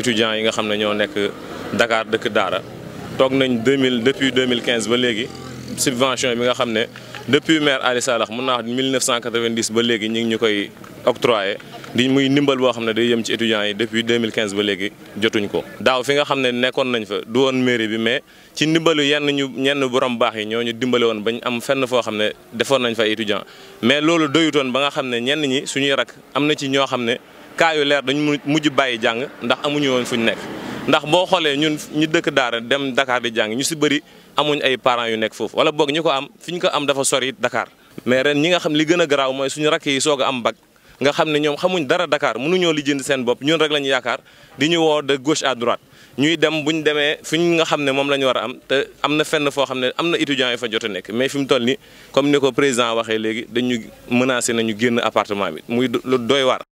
étudiants yi nga xam ne ñoo nekk Dakar dëkk Daara toog nañ depuis ba léegi subvention bi nga xam ne depuis maire Ali Salax mën naa wax ba léegi ñu koy octroyé di muy ndimbal boo xam ne day yem ci étudiants yi depuis ba léegi jotuñ ko. daaw fi nga xam ne nekkoon nañ fa du woon mairie bi mais ci ndimbalu yenn ñu ñenn borom baax yi ñoo ñu dimbale woon bañ am fenn foo xam ne defoon nañ fa étudiant mais loolu doyutoon ba nga xam ne ñenn ñi suñuy rak kaa yu leer dañu mujj bàyyi jàng ndax amuñu woon ñu nekk ndax boo xoolee ñun ñu dëkk daara dem dakaar di jàng ñu si bëri amuñ ay parents yu nekk foofu wala boog ñi ko am fi ñu ko am dafa sori dakaar mais ren ñi nga xam li gën a garaaw suñu rakk yi soog a am bac nga xam ne ñoom xamuñ dara Dakar mënuñoo lijjanti seen bopp ñun rek la ñu yaakaar di ñu woo de gauche à droite ñuy dem bu ñu demee fi ñu nga xam ne moom la ñu war a am te am na fenn foo xam ne am na étudiants yu fa jot a nekk mais fi mu toll nii comme ni ko président waxee léegi dañu menacé nañu génn appartement bi muy lu doy waar.